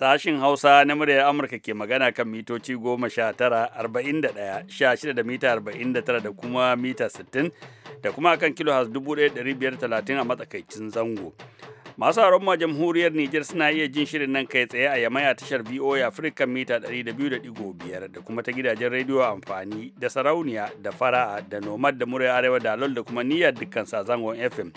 Sashin Hausa na muryar Amurka ke magana kan mitoci goma sha tara arba'in da ɗaya sha shida da mita arba'in da tara da kuma mita sittin da kuma kan kilo has dubu ɗaya ɗari biyar talatin a matsakaicin zango. Masu haron ma jamhuriyar Nijar suna iya jin shirin nan kai tsaye a yamaya tashar VOA Africa mita ɗari da biyu da ɗigo biyar da kuma ta gidajen rediyo amfani da sarauniya da fara'a da nomad da muryar arewa da alol da kuma niyyar dukkan sa zangon FM.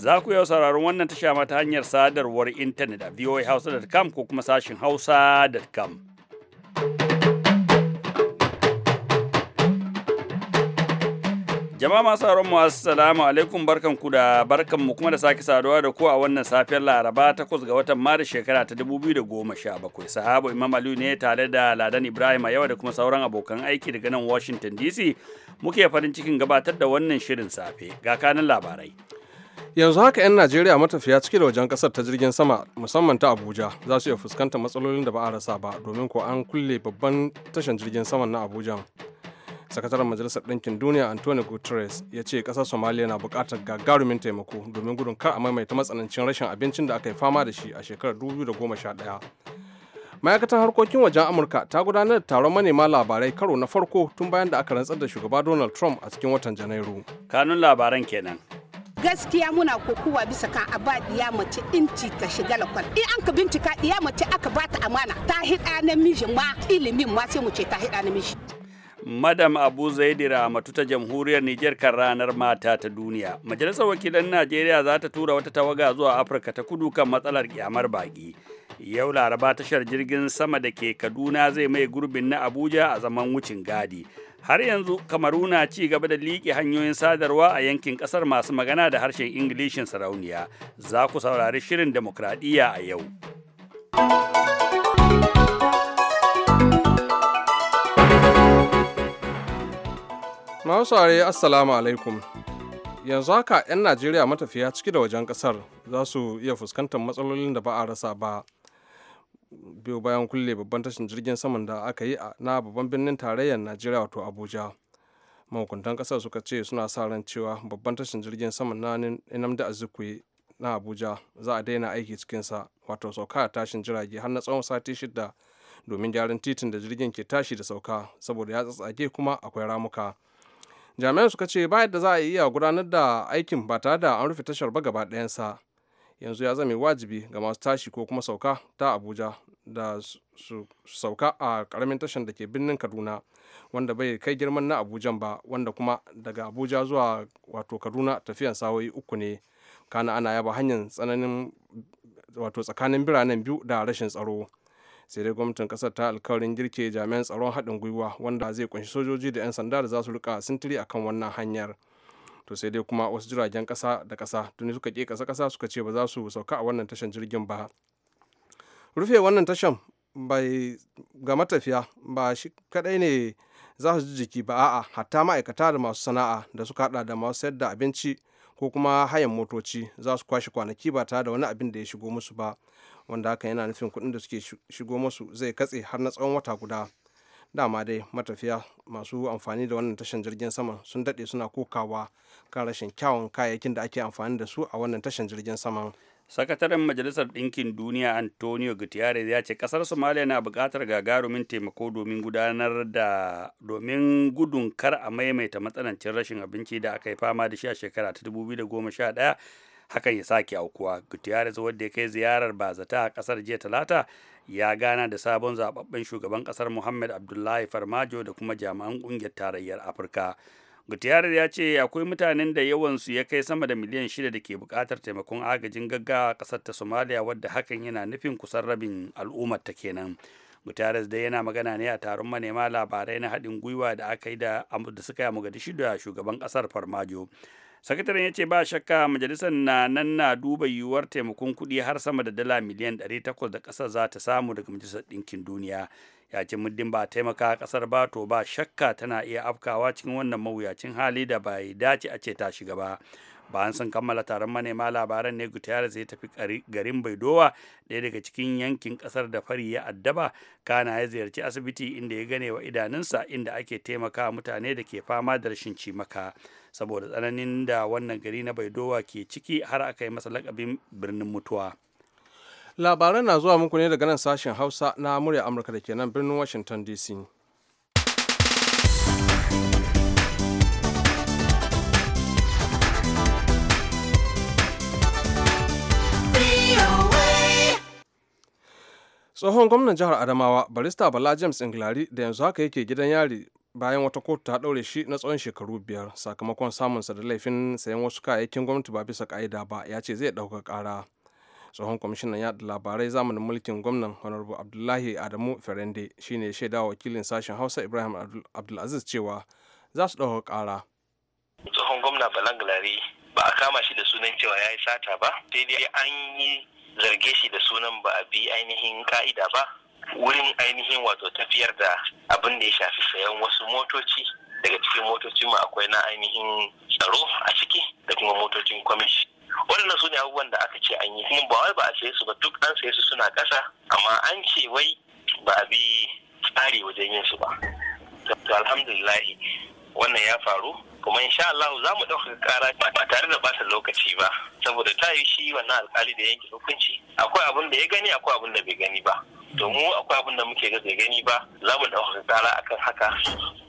Za ku yau sauraron wannan tasha ta hanyar sadarwar intanet a voahausa.com ko kuma sashin hausa.com. Jama'a masu sauran mu assalamu alaikum barkan ku da barkan mu kuma da sake saduwa da ku a wannan safiyar Laraba takwas ga watan Maris shekara ta 2017. Sahabo Imam Aliyu ne tare da Ladan Ibrahim a yawa da kuma sauran abokan aiki daga nan Washington DC muke farin cikin gabatar da wannan shirin safe ga kanin labarai. yanzu haka 'yan najeriya matafiya cike da wajen kasar ta jirgin sama musamman ta abuja za su iya fuskanta matsalolin da ba a rasa ba domin ko an kulle babban tashan jirgin sama na abuja sakataren majalisar ɗinkin duniya antonio guterres ya ce ƙasar somaliya na buƙatar gagarumin taimako domin gudun kar a maimaita matsanancin rashin abincin da aka yi fama da shi a shekarar 2011 ma'aikatan harkokin wajen amurka ta gudanar da taron manema labarai karo na farko tun bayan da aka rantsar da shugaba donald trump a cikin watan janairu kanun labaran kenan gaskiya muna kokowa bisa kan a ba diya mace inci ta shiga lakwal in an ka bincika diya mace aka bata amana ta hida namiji ma ilimin ma sai mu ce ta hida namiji Madam Abu Zaidi Ramatu ta Jamhuriyar Nijar kan ranar mata ta duniya. Majalisar Wakilan Najeriya za ta tura wata tawaga zuwa Afirka ta kudu kan matsalar kyamar baki. Yau Laraba tashar jirgin sama da ke Kaduna zai mai gurbin na Abuja a zaman wucin gadi. har yanzu kamaru na ci gaba da liƙe hanyoyin sadarwa a yankin ƙasar masu magana da harshen ingilishin sarauniya za ku saurari shirin demokradiyya a yau Mausare Assalamu alaikum yanzu haka 'yan Najeriya matafiya ciki da wajen ƙasar za su iya fuskantar matsalolin da ba a rasa ba biyo bayan kulle babban tashin jirgin saman da aka yi na babban birnin tarayyar najeriya wato abuja mahukuntan kasar suka ce suna sa ran cewa babban tashin jirgin saman na inamda azikwe na abuja za a daina aiki cikinsa wato sauka a tashin jirage har na tsawon sati shida domin gyaran titin da jirgin ke tashi da sauka saboda ya tsatsage kuma akwai ramuka jami'an suka ce bayan da za a iya gudanar da aikin ba tare da an rufe tashar ba gaba ɗayansa yanzu ya zame wajibi ga masu tashi ko kuma sauka ta abuja da su sauka a karamin tashan da ke birnin kaduna wanda bai kai girman na abujan ba wanda kuma daga abuja zuwa wato kaduna tafiyan sawoyi uku ne kana ana yaba hanyar tsananin wato tsakanin biranen biyu da rashin tsaro sai dai gwamnatin kasar ta alkawarin girke jami'an tsaron haɗin gwiwa wanda zai kunshi sojoji da 'yan sanda da za su rika sintiri akan wannan hanyar. to sai dai kuma wasu jiragen kasa da kasa tuni suka ke kasa kasa suka ce ba za su sauka a wannan tashan jirgin ba rufe wannan tashan bai ga matafiya ba shi kadai ne za su ji jiki ba a'a hatta ma'aikata da masu sana'a da suka hada da masu sayar da abinci ko kuma hayan motoci za su kwashe kwanaki ba tare da wani abin da ya shigo musu ba wanda haka yana nufin kuɗin da suke shigo musu zai katse har na tsawon wata guda dama dai matafiya masu amfani da wannan tashan jirgin saman sun daɗe suna kokawa kan rashin kyawun kayayyakin da ake amfani da su a wannan tashan jirgin saman sakataren majalisar ɗinkin duniya antonio gutierrez ya ce ƙasar somalia na bukatar gagarumin taimako domin gudanar da domin gudun kar a maimaita matsanancin rashin abinci da aka yi fama da shi a shekara ta 2011 hakan ya sake aukuwa gutierrez wadda ya kai ziyarar bazata a kasar jiya talata ya gana da sabon zababben shugaban kasar muhammad abdullahi farmajo da kuma jami'an kungiyar tarayyar afirka Gutierrez ya ce akwai mutanen da yawansu ya kai sama da miliyan shida da ke bukatar taimakon agajin gaggawa a kasar ta somaliya wadda hakan yana nufin kusan rabin al'ummar ta kenan. Gutierrez dai yana magana ne a taron manema labarai na haɗin gwiwa da aka yi da suka yi a Mogadishu da shugaban ƙasar Farmajo. sakataren ya ce ba shakka majalisar na nan na duba yiwuwar taimakon kuɗi har sama da dala miliyan ɗari takwas da ƙasar za ta samu daga majalisar ɗinkin duniya ya ce muddin ba taimaka ƙasar ba to ba shakka tana iya afkawa cikin wannan mawuyacin hali da bai dace a ce ta shiga ba bayan san kammala taron manema labaran ne gutiyar ya tafi garin Baidowa ɗaya daga cikin yankin ƙasar da fari ya addaba kana ya ziyarci asibiti inda ya gane wa idanunsa inda ake taimaka mutane da ke fama da rashin cimaka saboda tsananin da wannan gari na baidowa ke ciki har aka yi masa lakabin birnin mutuwa labaran na zuwa muku ne daga nan sashen hausa na murya amurka da ke nan birnin washington dc tsohon gwamnan jihar adamawa barista bala james inglari da yanzu haka yake gidan yari bayan wata kotu ta ɗaure shi na tsawon shekaru biyar sakamakon samunsa da laifin sayan wasu kayayyakin gwamnati ba bisa ka'ida ba ya ce zai ɗauka ƙara tsohon kwamishinan yaɗa labarai zamanin mulkin gwamnan honorable abdullahi adamu ferende shine ya shaidawa wakilin sashen hausa ibrahim abdulaziz cewa za su ɗauka ƙara tsohon gwamna balangalari ba a kama shi da sunan cewa ya yi sata ba sai dai an yi zarge shi da sunan ba a bi ainihin ka'ida ba wurin ainihin wato tafiyar da abin da ya shafi sayan wasu motoci daga cikin motocin mu akwai na ainihin tsaro a ciki da kuma motocin kwamiti. waɗannan su ne abubuwan da aka ce an yi kuma ba wai ba a saye su ba duk an saye su suna ƙasa amma an ce wai ba a bi tsari wajen yin su ba to alhamdulillah wannan ya faru kuma insha Allah za mu ɗaukaka ƙara ba tare da bata lokaci ba saboda ta yi shi wannan alƙali da yanke hukunci akwai abin da ya gani akwai abin da bai gani ba domin akwai abin da muke gaza gani ba za mu ɗaukar tsara akan haka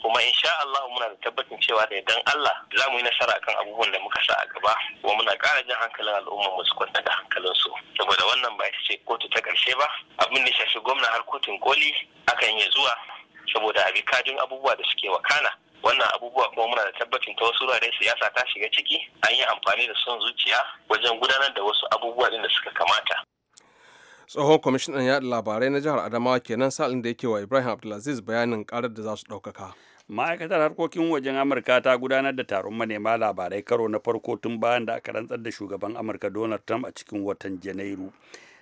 kuma in sha Allah muna da tabbacin cewa da idan Allah za mu yi nasara akan abubuwan da muka sa a gaba kuma muna ƙara jin hankalin al'ummar mu su kwanta da hankalin su saboda wannan ba ita ce kotu ta ƙarshe ba abin da shafi gwamna har kotun koli akan iya zuwa saboda abi kadin abubuwa da suke wakana wannan abubuwa kuma muna da tabbacin ta wasu wuraren siyasa ta shiga ciki an yi amfani da son zuciya wajen gudanar da wasu abubuwa din da suka kamata tsohon kwamishinan yaɗa labarai na jihar adamawa kenan sa'in da yake wa ibrahim abdulaziz bayanin karar da za su ɗaukaka ma'aikatar harkokin wajen amurka ta gudanar da taron manema labarai karo na farko tun bayan da aka rantsar da shugaban amurka donald trump a cikin watan janairu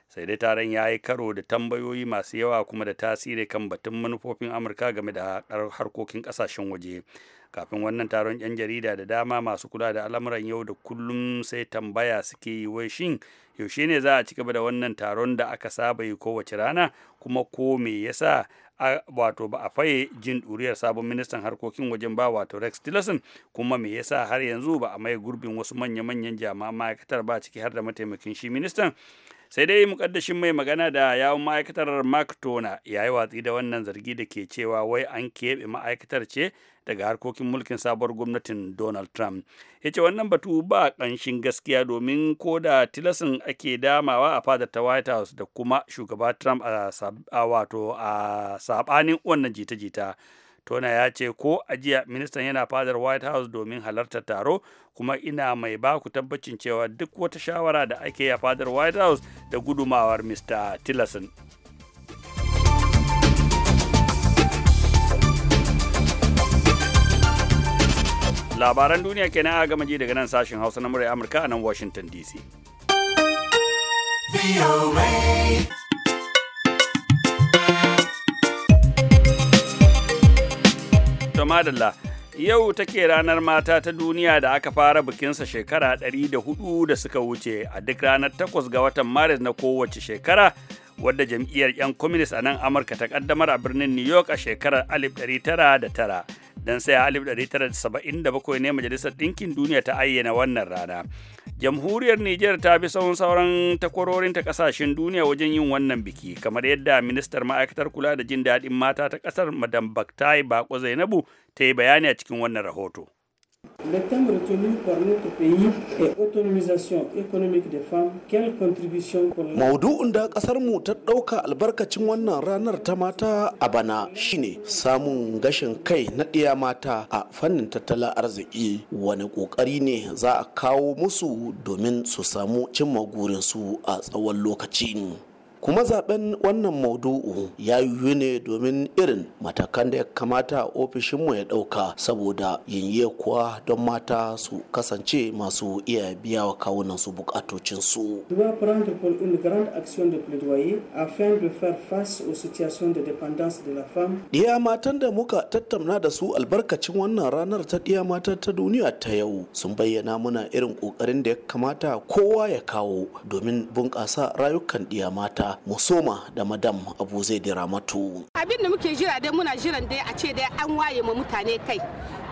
sai dai taron ya yi karo da tambayoyi masu yawa kuma da tasiri kan batun manufofin amurka game da harkokin ƙasashen waje kafin wannan taron 'yan jarida da dama masu kula da al'amuran yau da kullum sai tambaya suke yi wai shin yaushe ne za a ci gaba da wannan taron da aka saba yi kowace rana kuma ko me yasa wato ba a faye jin ɗuriyar sabon ministan harkokin wajen ba wato rex tillerson kuma me yasa har yanzu ba a mai gurbin wasu manya-manyan jama'a ma'aikatar ba ciki har da mataimakin shi ministan sai dai mukaddashin mai magana da yawon ma'aikatar mark tona ya yi watsi da wannan zargi da ke cewa wai an keɓe ma'aikatar ce daga harkokin mulkin sabuwar gwamnatin donald trump ya ce wannan batu ba ƙanshin gaskiya domin ko da tilasin ake damawa a fadar ta white house da kuma shugaba trump a wato a saɓanin wannan jita-jita tona ya ce ko ajiya ministan yana fadar white house domin halartar taro kuma ina mai baku tabbacin cewa duk wata shawara da ake a fadar white house da gudumawar mr tillerson labaran duniya kenan a gama ji daga nan sashen hausa na murai amurka a nan washington dc To madalla, yau take ranar mata ta duniya da aka fara bikinsa shekara 104 da suka wuce a duk ranar 8 ga watan Maris na kowace shekara. wadda jam'iyyar 'yan Kwaminis a nan amurka ta kaddamar a birnin new york a shekarar 1909 don sai a 1977 ne majalisar ɗinkin duniya ta ayyana wannan rana jamhuriyar nijar ta bi sauran sauran takwarorin ta kasashen duniya wajen yin wannan biki kamar yadda ministar ma'aikatar kula da jin daɗin mata ta ƙasar madam baktai bako zainabu ta yi bayani a cikin wannan rahoto Le thème retenu par notre pays est autonomisation économique des femmes. Quelle contribution pour Maudu'un da kasar mu ta dauka albarkacin wannan ranar ta mata a bana shine samun gashin kai na ɗiya mata a fannin tattalin arziki. Wani kokari ne za a kawo musu domin su samu cimma gurin su a tsawon lokaci. kuma zaben wannan maudu'u ya yiwu ne domin irin matakan da ya kamata ofishinmu ya ɗauka saboda yinye kuwa don mata su kasance masu iya biya wa kawunan su bukatocin su. Diya matan da muka tattauna da su albarkacin wannan ranar ta ɗiya mata ta duniya ta yau sun bayyana muna irin ƙoƙarin da ya kamata kowa ya kawo domin bunƙasa rayukan ɗiya mata. musoma da madam abu zai dira matu. abin da muke jira dai muna jiran dai a ce dai an waye ma mutane kai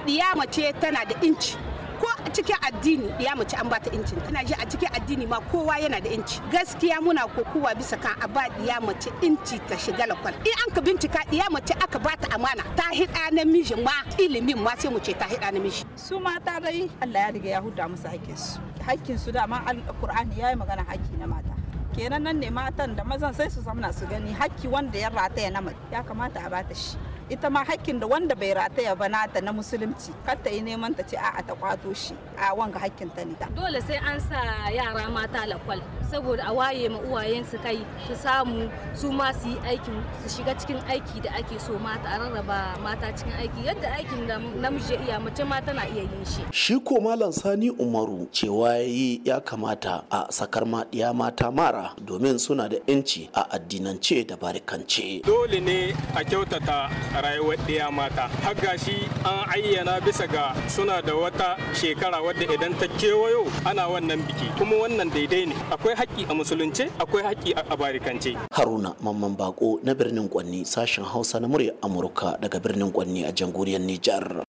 diyama ce tana da inci ko a cikin addini ya mace an bata inci tana ji a cikin addini ma kowa yana da inci gaskiya muna kokowa bisa kan a ba ya mace inci ta shiga lakwal in an ka bincika ya mace aka bata amana ta hida namiji ma ilimin ma sai mu ce ta hida namiji su mata dai Allah ya riga ya huda musu hakkin su hakkin su dama alqur'ani yayi magana hakki na mata kenan nan ne matan da mazan sai su zamna su gani hakki wanda ya rataya na ya kamata a bata shi ita ma hakkin da wanda bai rataya ba nata na musulunci kar ta yi neman ta ce a'a ta kwato shi a wanga hakkin ta ne dole sai an sa yara mata lakwal saboda a waye ma su kai su samu su ma su yi aikin su shiga cikin aiki da ake so mata a rarraba mata cikin aiki yadda aikin da namiji iya mace ma tana iya yin shi shi ko malam sani umaru cewa yayi ya kamata a sakar ma mata mara domin suna da yanci a addinance da barikance dole ne a kyautata rayuwar ɗiya mata har gashi an ayyana bisa ga suna da wata shekara wadda idan ta kewayo ana wannan biki kuma wannan daidai ne akwai haƙƙi a musulunci akwai haƙƙi a barikance haruna mamman bako na birnin kwanni sashen hausa na murya amurka daga birnin kwanni a jamhuriyar nijar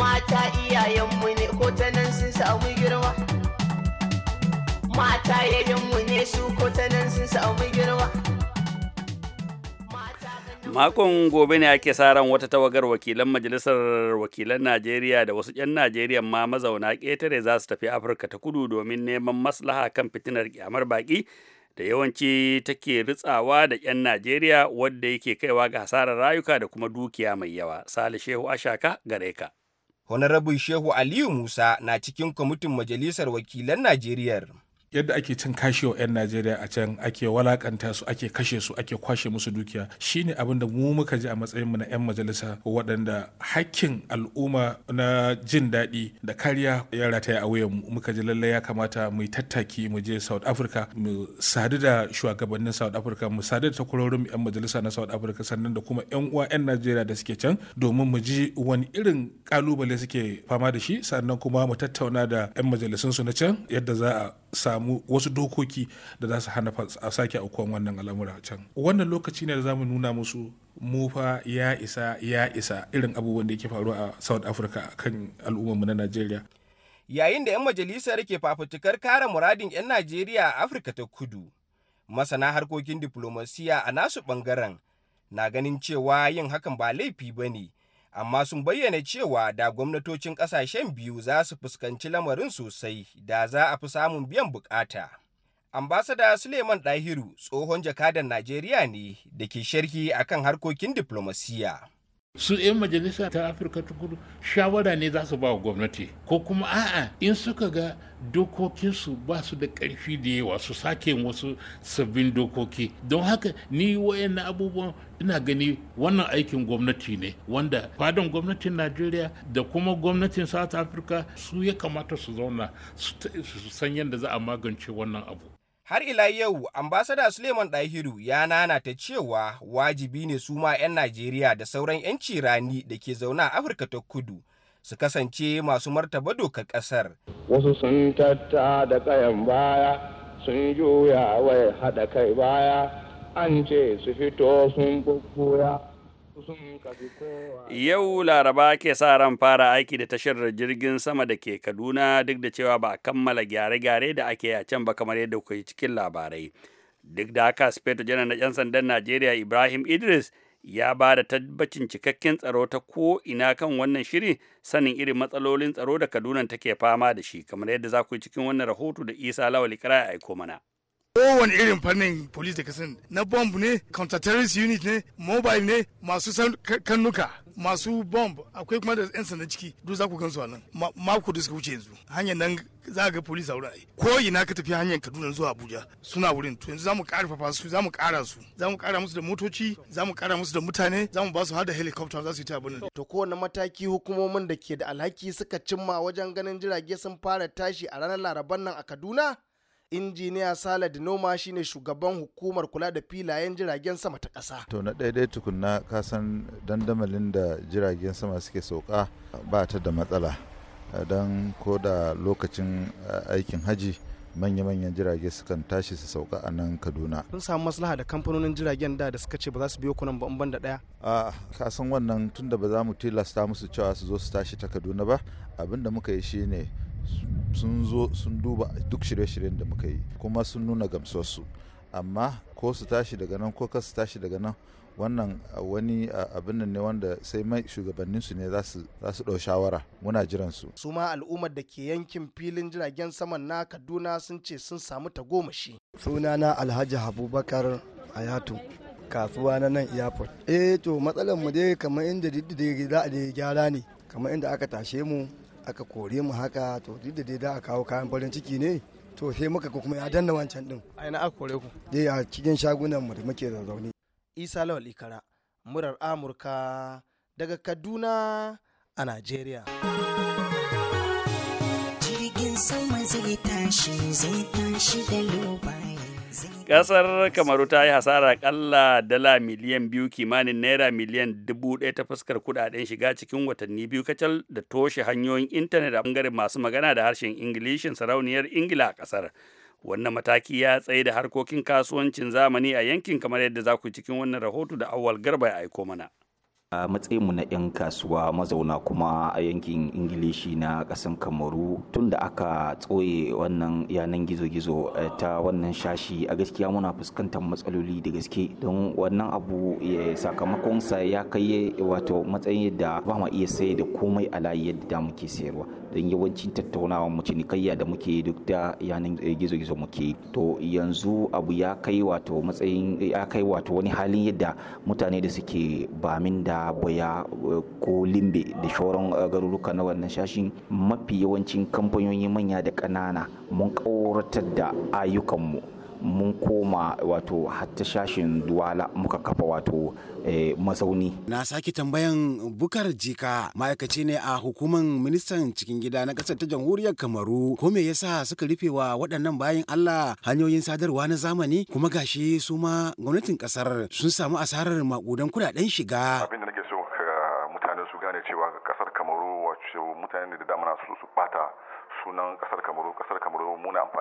mata iyayenmu ne ko ta nan sun samu girma mata yayanmu ne su ko ta nan sun samu girma Makon gobe ne ake sa ran wata tawagar wakilan Majalisar Wakilan Najeriya da wasu 'yan Najeriya ma mazauna ƙetare za su tafi Afirka ta kudu domin neman maslaha kan fitinar kyamar baƙi da yawanci take ritsawa da 'yan Najeriya wadda yake kaiwa ga hasarar rayuka da kuma dukiya mai yawa. Sale Shehu Ashaka gare ka. Honorable Shehu Aliyu Musa na cikin kwamitin Majalisar Wakilan Najeriya. yadda ake cin kashewa 'yan najeriya a can ake walakanta su ake kashe su ake kwashe musu dukiya shine abin da mu muka ji a matsayin mu na 'yan majalisa waɗanda hakkin al'umma na jin daɗi da kariya ya rataya a wuyan muka ji lallai ya kamata mu yi tattaki mu je south africa mu sadu da shugabannin south africa mu sadu da takwarorin 'yan majalisa na south africa sannan da kuma 'yan uwa 'yan najeriya da suke can domin mu ji wani irin kalubale suke fama da shi sannan kuma mu tattauna da 'yan majalisunsu na can yadda za a samu wasu dokoki da za su hana a sake aukuwan wannan al'amura can wannan lokaci ne da za mu nuna musu mufa fa ya isa ya isa irin abubuwan da yake faruwa a south africa kan al'ummarmu na nigeria. yayin da 'yan majalisar ke fafutukar kare muradin 'yan najeriya a afirka ta kudu masana harkokin diflomasiya a nasu bangaren na ganin cewa yin hakan ba laifi ba ne amma sun bayyana cewa da gwamnatocin ƙasashen biyu za su fuskanci lamarin sosai da za a fi samun biyan bukata. Ambasada Suleiman Dahiru tsohon jakadan Najeriya ne da ke sharhi akan harkokin diplomasiya. su 'yan majalisa ta afirka ta kudu shawara ne za su ba wa gwamnati ko kuma a'a in suka ga dokokinsu ba su da ƙarfi da yawa su sake wasu sabbin dokoki don haka ni wayan abubuwan ina gani wannan aikin gwamnati ne wanda fadon gwamnatin najeriya da kuma gwamnatin south africa su ya kamata su zauna su san yadda za a magance wannan abu Har ila yau, ambasada Suleiman ɗahiru ya nana ta cewa wajibi ne su ma 'yan Najeriya da sauran 'yan cirani da ke zaune a Afirka ta kudu su kasance masu martaba dokar ƙasar. Wasu sun tatta da ƙayan baya, sun juya wai haɗa kai baya, an ce su fito sun bubbuya. Yau Laraba ke sa ran fara aiki da tashar jirgin sama da ke Kaduna duk da cewa ba a kammala gyare-gyare da ake a can ba kamar yadda kuke cikin labarai. Duk da haka Sufeto Janar na 'yan sandan Najeriya Ibrahim Idris ya ba da tabbacin cikakken tsaro ta ko ina kan wannan shiri sanin irin matsalolin tsaro da Kaduna take fama da shi kamar yadda za ku yi cikin wannan rahoto da Isa Lawali Kara ya aiko mana. kowane irin fannin police da kasan na bomb ne counter-terrorist unit ne mobile ne masu kannuka masu bomb akwai kuma da 'yan sanda ciki duk za ku gan su a nan mako da suka wuce yanzu hanyar nan za ka ga police a wurin ko ina ka tafi hanyar kaduna zuwa abuja suna wurin to yanzu za mu karfafa su za mu kara su za mu kara musu da motoci za mu kara musu da mutane za mu ba su har da helicopter za su yi ta abin to kowane mataki hukumomin da ke da alhaki suka cimma wajen ganin jirage sun fara tashi a ranar laraban nan a kaduna injiniya salad noma shine shugaban hukumar kula da filayen jiragen sama ta kasa. to na ɗaya tukunna kasan dandamalin da jiragen sama suke sauka ba ta da matsala don ko da lokacin eh, aikin haji manya-manyan jirage sukan tashi su sauka a nan kaduna sun samu maslaha da kamfanonin jiragen da da suka ce ba za su biyo kunan ba ban da daya a kasan wannan tunda ba za mu tilasta musu cewa su zo su tashi ta kaduna ba abin da muka yi shine sun zo sun duba duk shirye-shiryen da muka yi kuma sun nuna gamsuwarsu amma ko su tashi daga nan ko kasu tashi daga nan wannan wani abin nan ne wanda sai mai shugabannin su ne za su ɗau shawara muna jiran su. su ma al'ummar da ke yankin filin jiragen saman na kaduna sun ce sun samu tagomashi. sunana alhaji habubakar ayatu kasuwa na nan airport eh to matsalar mu dai kamar inda za a gyara ne kamar inda aka tashe mu aka kore mu haka to duk da dai da a kawo kayan farin ciki ne to sai muka kuma ya danna wancan din a ina aka kore ku dai a cikin shagunan mu da muke da zaune Isa Lawal Ikara murar Amurka daga Kaduna a Najeriya jirgin sama zai tashi zai tashi da lobaye kasar Kamaru ta yi hasara kalla dala miliyan biyu kimanin naira miliyan dubu ɗaya ta fuskar kudaden shiga cikin watanni biyu kacal da toshe hanyoyin intanet a ɓangaren masu magana da harshen Ingilishin sarauniyar Ingila a ƙasar. Wannan mataki ya tsaye da harkokin kasuwancin zamani a yankin kamar yadda za ku cikin wannan rahoto da awal garba ya aiko mana. a matsayinmu na 'yan kasuwa mazauna kuma a yankin ingilishi na kasan kamaru tun da aka tsoye wannan yanan gizo-gizo eh, ta wannan shashi a gaskiya muna fuskantar matsaloli da gaske don wannan abu ya sakamakonsa ya kai wato matsayin da ba ma iya sayar da komai a layi yadda da muke sayarwa don yawancin tattaunawa mu cinikayya da muke duk da yanan eh, gizo-gizo muke to yanzu abu ya kai wato matsayin ya kai wato wani halin yadda mutane da suke bamin da baya eh, ko limbe da shauran eh, garuruka na wannan shashin mafi yawancin kamfanyoyi manya da ƙanana mun ƙauratar da ayyukanmu mun koma wato hatta shashin duwala muka kafa wato eh, masauni. Na sake tambayan bukar jika ma'aikaci ne a hukumar ministan cikin gida na kasar ta jamhuriyar Kamaru ko me yasa suka rufe wa waɗannan bayan Allah hanyoyin sadarwa na zamani kuma gashi su ma gwamnatin ƙasar sun samu asarar maƙudan kudaden shiga. Abin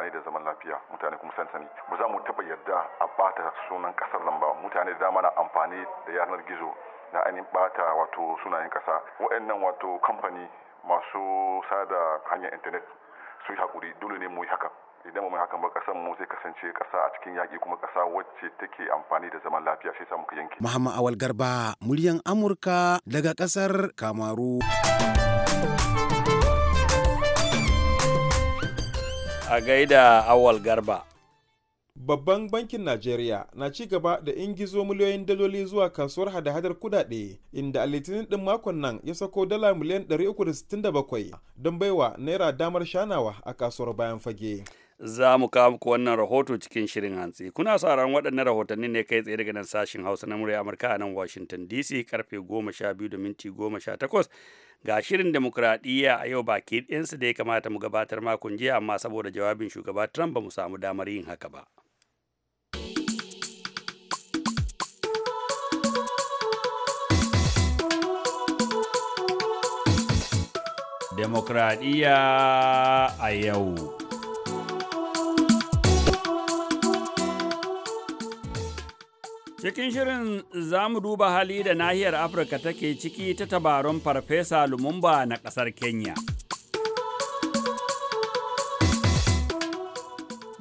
mutane da zaman lafiya mutane kuma san sani ba za mu taba yarda a bata sunan kasar nan ba mutane da dama na amfani da yanar gizo na ainihin bata wato sunayen kasa waɗannan wato kamfani masu sada hanyar intanet su yi hakuri dole ne mu yi haka idan mu hakan ba kasan mu zai kasance kasa a cikin yaƙi kuma kasa wacce take amfani da zaman lafiya shi samu muka yanke Muhammad Awal Garba muryan Amurka daga kasar Kamaru a gaida awal garba Babban bankin Najeriya na ci gaba da ingizo miliyoyin daloli zuwa kasuwar hada-hadar kudade inda a litinin din makon nan ya sako dala miliyan 367 don baiwa naira damar shanawa a kasuwar bayan fage. za mu kawo muku wannan rahoto cikin shirin hantsi kuna sauraron waɗannan rahotanni ne kai tsaye daga nan sashin hausa na murya amurka a nan washington dc karfe goma sha biyu da minti goma sha takwas ga shirin demokuraɗiyya a yau baki ɗinsu da ya kamata mu gabatar makon jiya amma saboda jawabin shugaba trump ba mu samu damar yin haka ba demokradiyya a yau. Cikin shirin za mu duba hali da nahiyar Afirka take ciki ta tabarun Farfesa Lumumba na ƙasar Kenya.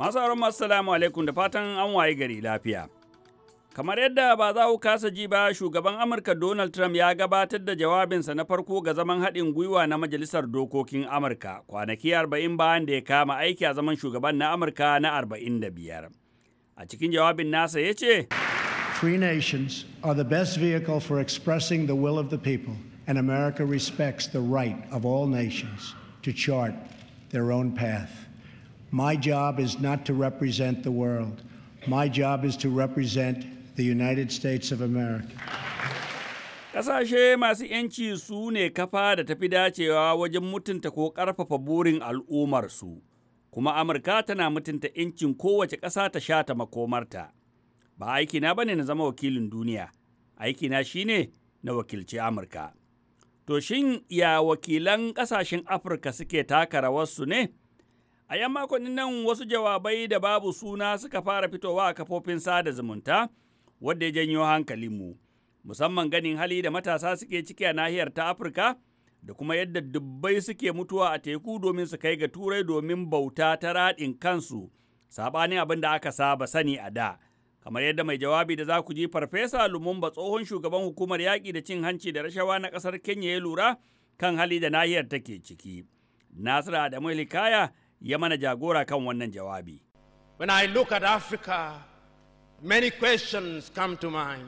Masu auren masu salamu alaikum da fatan an waye gari lafiya. Kamar yadda ba za ku kasa ji ba, shugaban Amurka Donald Trump ya gabatar da jawabinsa na farko ga zaman haɗin gwiwa na Majalisar Dokokin Amurka kwanaki arba'in bayan da ya kama aiki a zaman shugaban na Amurka na arba'in da biyar. A cikin jawabin nasa ya ce, free nations are the best vehicle for expressing the will of the people, and America respects the right of all nations to chart their own path. My job is not to represent the world. My job is to represent the United States of America. Ƙasashe masu ‘yanci su ne kafa da tafi dacewa wajen mutunta ko ƙarfafa burin al'ummarsu, kuma Amurka tana mutunta ‘yancin kowace ƙasa ta sha ta makomarta. ba aikina ba bane na zama wakilin duniya Aikina na shine na wakilci Amurka to shin ya wakilan ƙasashen Afirka suke taka rawarsu ne a yan makonnin nan wasu jawabai da babu suna suka fara fitowa a kafofin sada zumunta wadda ya janyo hankalinmu musamman ganin hali da matasa suke ciki a nahiyar ta Afirka da kuma yadda dubbai suke mutuwa a teku domin su kai ga turai domin bauta ta raɗin kansu saɓanin abin da aka saba sani a da kamar yadda mai jawabi da za ku ji farfesa lumumba tsohon shugaban hukumar yaƙi da cin hanci da rashawa na ƙasar kenya ya lura kan hali da nahiyar take ciki nasiru adamu likaya ya mana jagora kan wannan jawabi when i look at africa many questions come to mind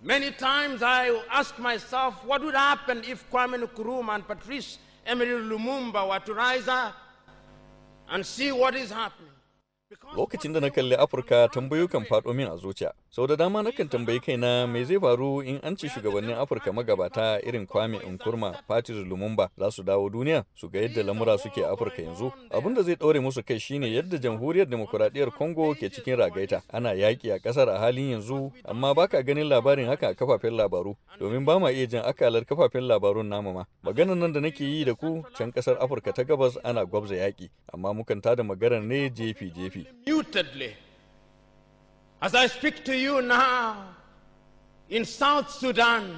many times i ask myself what would happen if kwame nkrumah and patrice emery lumumba were to rise up and see what is happening Lokacin da na kalli Afirka tambayo kan faɗo min a zuciya. Sau da dama nakan tambayi kaina me zai faru in an ci shugabannin Afirka magabata irin Kwame Nkrumah, Patrice Lumumba za su dawo duniya su ga yadda lamura suke Afirka yanzu. Abin da zai ɗaure musu kai shine yadda Jamhuriyar Demokuraɗiyyar Congo ke cikin ragaita. Ana yaƙi a ƙasar a halin yanzu amma baka ganin labarin haka a kafafen labaru domin ba ma iya jin akalar kafafen labarun namu ma. Maganar nan da nake yi da ku can ƙasar Afirka ta gabas ana gwabza yaƙi amma mukan tada maganar ne jefi-jefi. fii mutedly as I speak to you now in South Sudan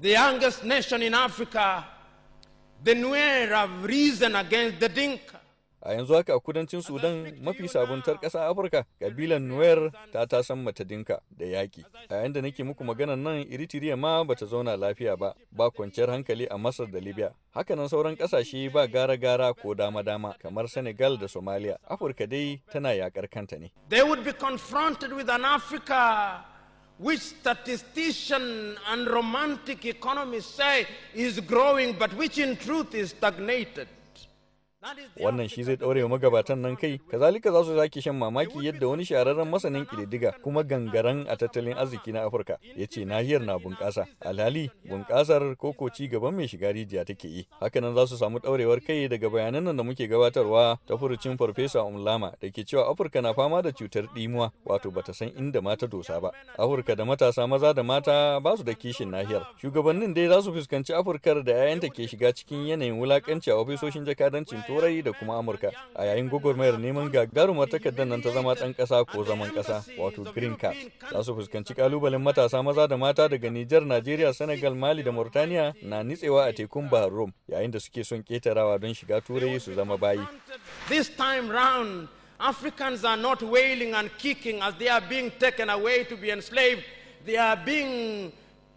the youngest nation in Africa the Nuer have risen against the Dinka a yanzu haka a kudancin sudan mafi sabuntar ƙasa afirka kabilan nuwer ta tasan mata dinka da yaƙi a yayin nake muku maganan nan eritrea ma bata zauna lafiya ba ba kwanciyar hankali a masar da libya hakanan sauran ƙasashe ba gara-gara ko dama-dama kamar senegal da somalia afirka dai tana yakar kanta ne they would be confronted with an africa which statistician and romantic economists say is growing but which in truth is stagnated wannan shi zai ɗaure magabatan nan kai kazalika za su sake shan mamaki yadda wani shahararren masanin ƙididdiga kuma gangaren a tattalin arziki na afirka ya ce nahiyar na bunƙasa alhali bunƙasar koko ci gaban mai shiga rijiya take yi hakanan za su samu ɗaurewar kai daga bayanan nan da muke gabatarwa ta furucin farfesa umlama da ke cewa afirka na fama da cutar ɗimuwa wato bata san inda mata dosa ba afirka da matasa maza da mata ba su da kishin nahiyar shugabannin dai za su fuskanci afirkar da 'ya'yanta ke shiga cikin yanayin wulakanci a ofisoshin jakadancin turai da kuma amurka a yayin gwagwarmayar neman gagarumar takardar nan ta zama ɗan ƙasa ko zaman ƙasa wato green card za su fuskanci kalubalen matasa maza da mata daga nijar najeriya senegal mali da mauritania na nitsewa a tekun bahar rome yayin da suke son ketarawa don shiga turai su zama bayi this time round africans are not wailing and kicking as they are being taken away to be enslaved they are being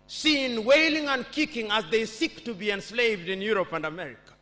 seen wailing and kicking as they seek to be enslaved in Europe and America.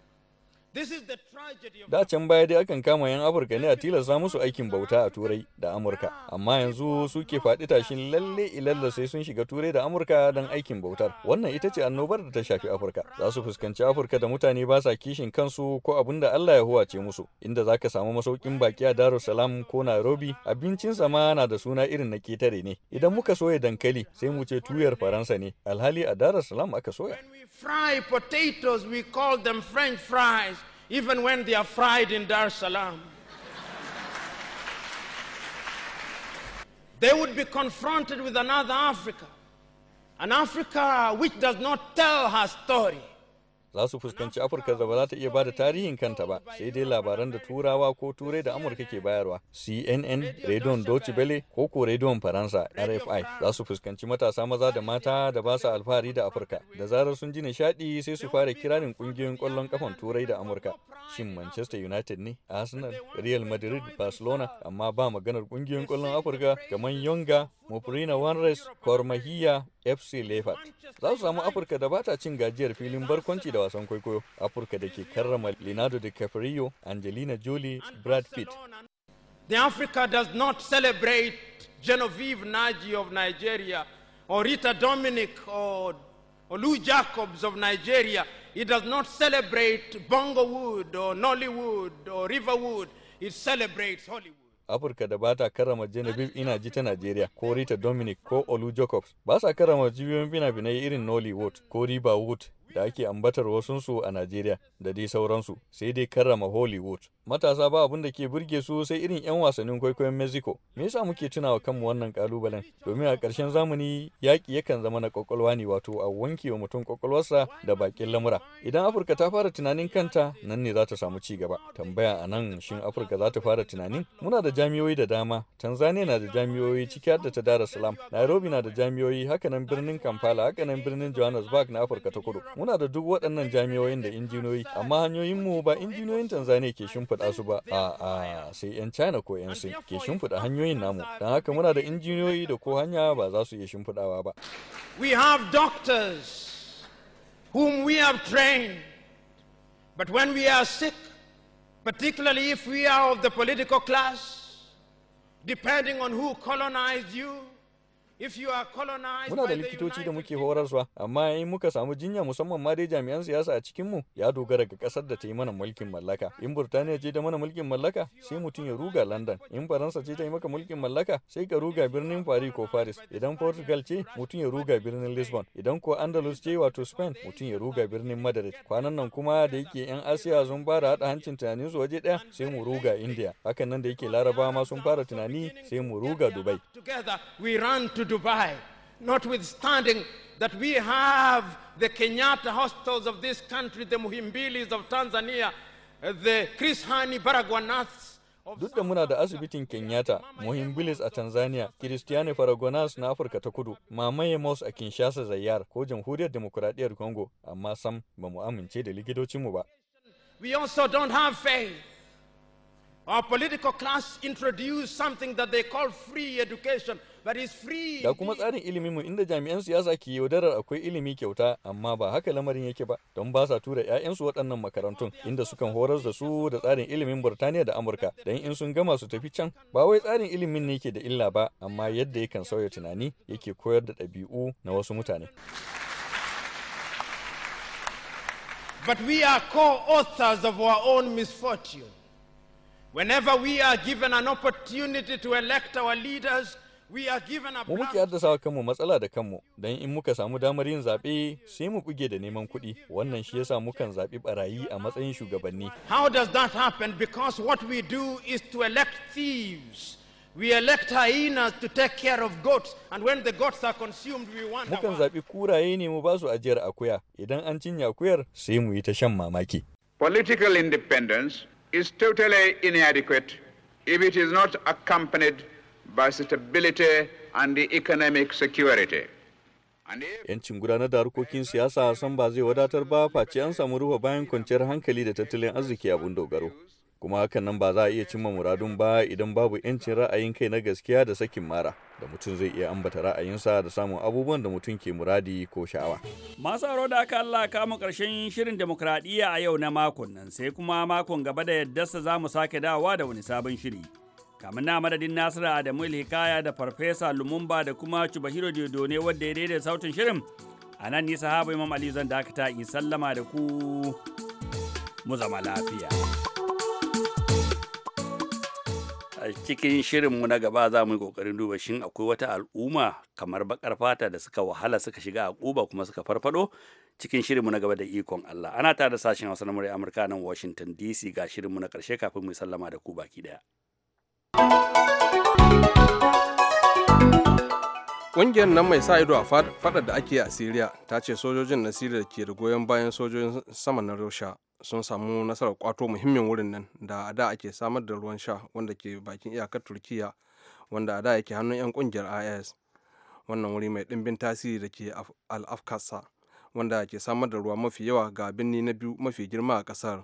Da can baya dai akan kama 'yan Afirka ne a tilasta musu aikin bauta a Turai da Amurka, amma yanzu suke faɗi tashin lalle ilalla sai sun shiga Turai da Amurka don aikin bautar. Wannan ita ce annobar da ta shafi Afirka. Za su fuskanci Afirka da mutane ba sa kishin kansu ko abin da Allah ya huwace musu, inda za ka samu masaukin baki a Darussalam ko Nairobi, abincin sama na da suna irin na ketare ne. Idan muka soya dankali sai mu ce tuyar Faransa ne, alhali a Darussalam aka soya. fry potatoes we call them French fries. even when they are fried in Dar es Salaam. they would be confronted with another Africa, an Africa which does not tell her story. za su fuskanci afirka da ba za ta iya bada tarihin kanta ba sai dai labaran da turawa ko turai da amurka ke bayarwa cnn rediyon deutsche belle ko ko rediyon faransa rfi za su fuskanci matasa maza da mata da ba su alfahari da afirka da zarar sun ji nishadi sai su fara kirarin kungiyoyin kwallon kafan turai da amurka shin manchester united ne arsenal real madrid barcelona amma ba maganar kungiyoyin kwallon afirka kamar yonga mopurina wanres kormahiya fc leopard za su samu afirka da bata cin gajiyar filin barkwanci da wasan kwaikwayo afirka da ke karrama leonardo dicaprio angelina jolie brad pitt the africa does not celebrate genevieve naji of nigeria or rita dominic or Olu Jacobs of Nigeria, it does not celebrate Bongo Wood or Nollywood or Riverwood, it celebrates Hollywood. Afirka da bata karama Genevieve Inaji ta Najeriya ko Rita Dominic ko Olu Jacobs ba sa karama jibiyoyin bina binai irin Nollywood ko Riba Wood da ake ambatar wasunsu a Najeriya da dai sauransu sai dai karrama Hollywood. Matasa ba abin da ke burge su sai irin 'yan wasannin kwaikwayon Mexico. Me yasa muke tunawa kanmu wannan kalubalen? Domin a ƙarshen zamani yaƙi yakan zama na kwakwalwa ne wato a wanke wa mutum kwakwalwarsa da bakin lamura. Idan Afirka ta fara tunanin kanta nan ne za ta samu ci gaba. Tambaya a nan shin Afirka za ta fara tunanin? Muna da jami'oi da dama. Tanzania na da jami'oi ciki har da ta Dar es Salaam. Nairobi na da jami'oi hakanan birnin Kampala nan birnin Johannesburg na Afirka ta Kudu. Muna da duk waɗannan jami'oyin da injiniyoyi, amma hanyoyinmu ba injiniyoyin Tanzania ke shimfiɗa su ba, a a sai 'yan China ko 'yan Sin ke shimfiɗa hanyoyin namu. Don haka muna da injiniyoyi da ko hanya ba za su iya shimfiɗawa ba. We have doctors whom we have trained, but when we are sick, particularly if we are of the political class, depending on who colonized you, Muna da likitoci da muke horarwa, amma in muka samu jinya musamman ma dai jami'an siyasa a cikinmu ya dogara ga kasar da ta yi mana mulkin mallaka. In Burtaniya ce ta mana mulkin mallaka sai mutum ya ruga London. In Faransa ce ta yi maka mulkin mallaka sai ka ruga birnin Paris ko Paris. Idan Portugal ce mutum ya ruga birnin Lisbon. Idan ko Andalus ce wato Spain mutum ya ruga birnin Madrid. Kwanan nan kuma da yake 'yan Asiya sun fara haɗa hancin tunanin su waje ɗaya sai mu ruga India. Hakan nan da yake Larabawa ma sun fara tunani sai mu ruga Dubai. Dubai, notwithstanding that we have the Kenyatta hostels of this country, the Muhimbilis of Tanzania, the Chris Hani Baragwanaths Duk da muna da asibitin Kenyatta, Muhimbilis a Tanzania, Cristiano Faragonas na Afirka ta Kudu, mamaye Maus a Kinshasa Zayyar ko Jamhuriyar Demokuraɗiyyar Congo, amma sam ba mu amince da likitocinmu ba. We also don't have faith. Our political class introduced something that they call free education, Da kuma tsarin ilimin mu inda jami'an siyasa ke yaudarar akwai ilimi kyauta amma ba haka lamarin yake ba don ba sa tura 'ya'yansu waɗannan makarantun inda sukan horar da su da tsarin ilimin Burtaniya da Amurka don in sun gama su tafi can ba wai tsarin ilimin ne ke da illa ba amma yadda ya kan sauya tunani yake koyar da ɗabi'u na wasu mutane. But we co-authors of our own misfortune. Whenever we are given an opportunity to elect our leaders, Mu muke haddasa wa kanmu matsala da kanmu, don in muka samu damar yin zaɓe sai mu kuge da neman kuɗi. Wannan shi yasa mukan zaɓi barayi a matsayin shugabanni. How does that happen? Because what we do is to elect thieves. We elect hyenas to take care of goats, and when the goats are consumed, we want Mukan zaɓi kuraye ne mu basu ajiyar akuya, idan an cinye akuyar sai mu yi ta shan mamaki. Political independence is totally inadequate if it is not accompanied by stability and economic security. Yancin gudanar da harkokin siyasa a san ba zai wadatar ba face an samu ruwa bayan kwanciyar hankali da tattalin arziki abun dogaro. Kuma hakan nan ba za a iya cimma muradun ba idan babu yancin ra'ayin kai na gaskiya da sakin mara da mutum zai iya ambata ra'ayinsa da samun abubuwan da mutum ke muradi ko sha'awa. Masu aro da aka Allah kama karshen shirin demokradiyya a yau na makon nan sai kuma makon gaba da yadda za mu sake dawa da wani sabon shiri. kamun na madadin nasiru adamu hikaya da farfesa lumumba da kuma cubahiro ne wadda ya daidai sautin shirin a nan nisa habu imam ali zan dakata in sallama da ku mu zama lafiya a cikin shirin mu na gaba za mu yi kokarin duba shin akwai wata al'umma kamar bakar fata da suka wahala suka shiga a kuba kuma suka farfado cikin shirin mu na gaba da ikon Allah ana tare da sashen Hausa na Amurka nan Washington DC ga shirin mu na karshe kafin mu sallama da ku baki daya Ƙungiyar nan mai sa ido a faɗar da ake a Siriya ta ce sojojin na Siriya da ke da goyon bayan sojojin sama na Rusha sun samu nasarar kwato muhimmin wurin nan da a da ake samar da ruwan sha wanda ke bakin iyakar Turkiya wanda a da yake hannun 'yan ƙungiyar IS. Wannan wuri mai ɗimbin tasiri da ke al'afkasa wanda ke samar da ruwa mafi yawa ga birni na biyu mafi girma a ƙasar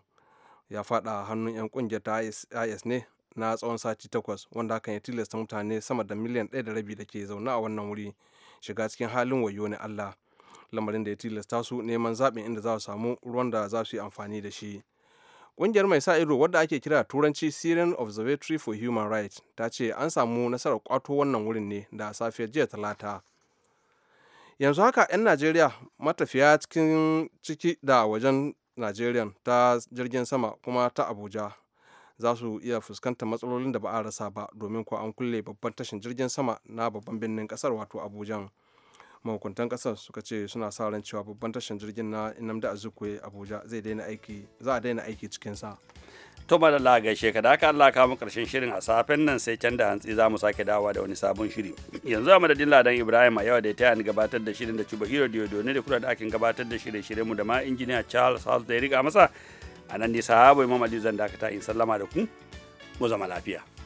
ya faɗa hannun 'yan ƙungiyar IS ne na tsawon sati takwas wanda hakan ya tilasta mutane sama da miliyan ɗaya da rabi da ke zaune a wannan wuri shiga cikin halin wayo ne Allah lamarin da ya tilasta su neman zaɓin inda za su samu ruwan da za su yi amfani da shi. Ƙungiyar mai sa ido wadda ake kira turanci Syrian Observatory for Human Rights ta ce an samu nasarar kwato wannan wurin ne da safiyar jiya talata. Yanzu haka 'yan Najeriya matafiya cikin ciki da wajen Najeriya ta jirgin sama kuma ta Abuja za su iya fuskantar matsalolin da ba a rasa ba domin ko an kulle babban tashin jirgin sama na babban birnin kasar wato abuja mahukuntan kasar suka ce suna sa ran cewa babban tashin jirgin na inamda azukwe abuja zai daina aiki za a daina aiki cikin sa to ba da gaishe ka da haka Allah mu karshen shirin a safen nan sai can da hantsi za mu sake dawowa da wani sabon shiri yanzu a madadin ladan ibrahim a yawa da ta ni gabatar da shirin da cuba hero da ne da kula da akin gabatar da shirye-shirye mu da ma injiniya charles house da ya riga masa a nan ne sahabo imam zan dakata in sallama da ku mu zama lafiya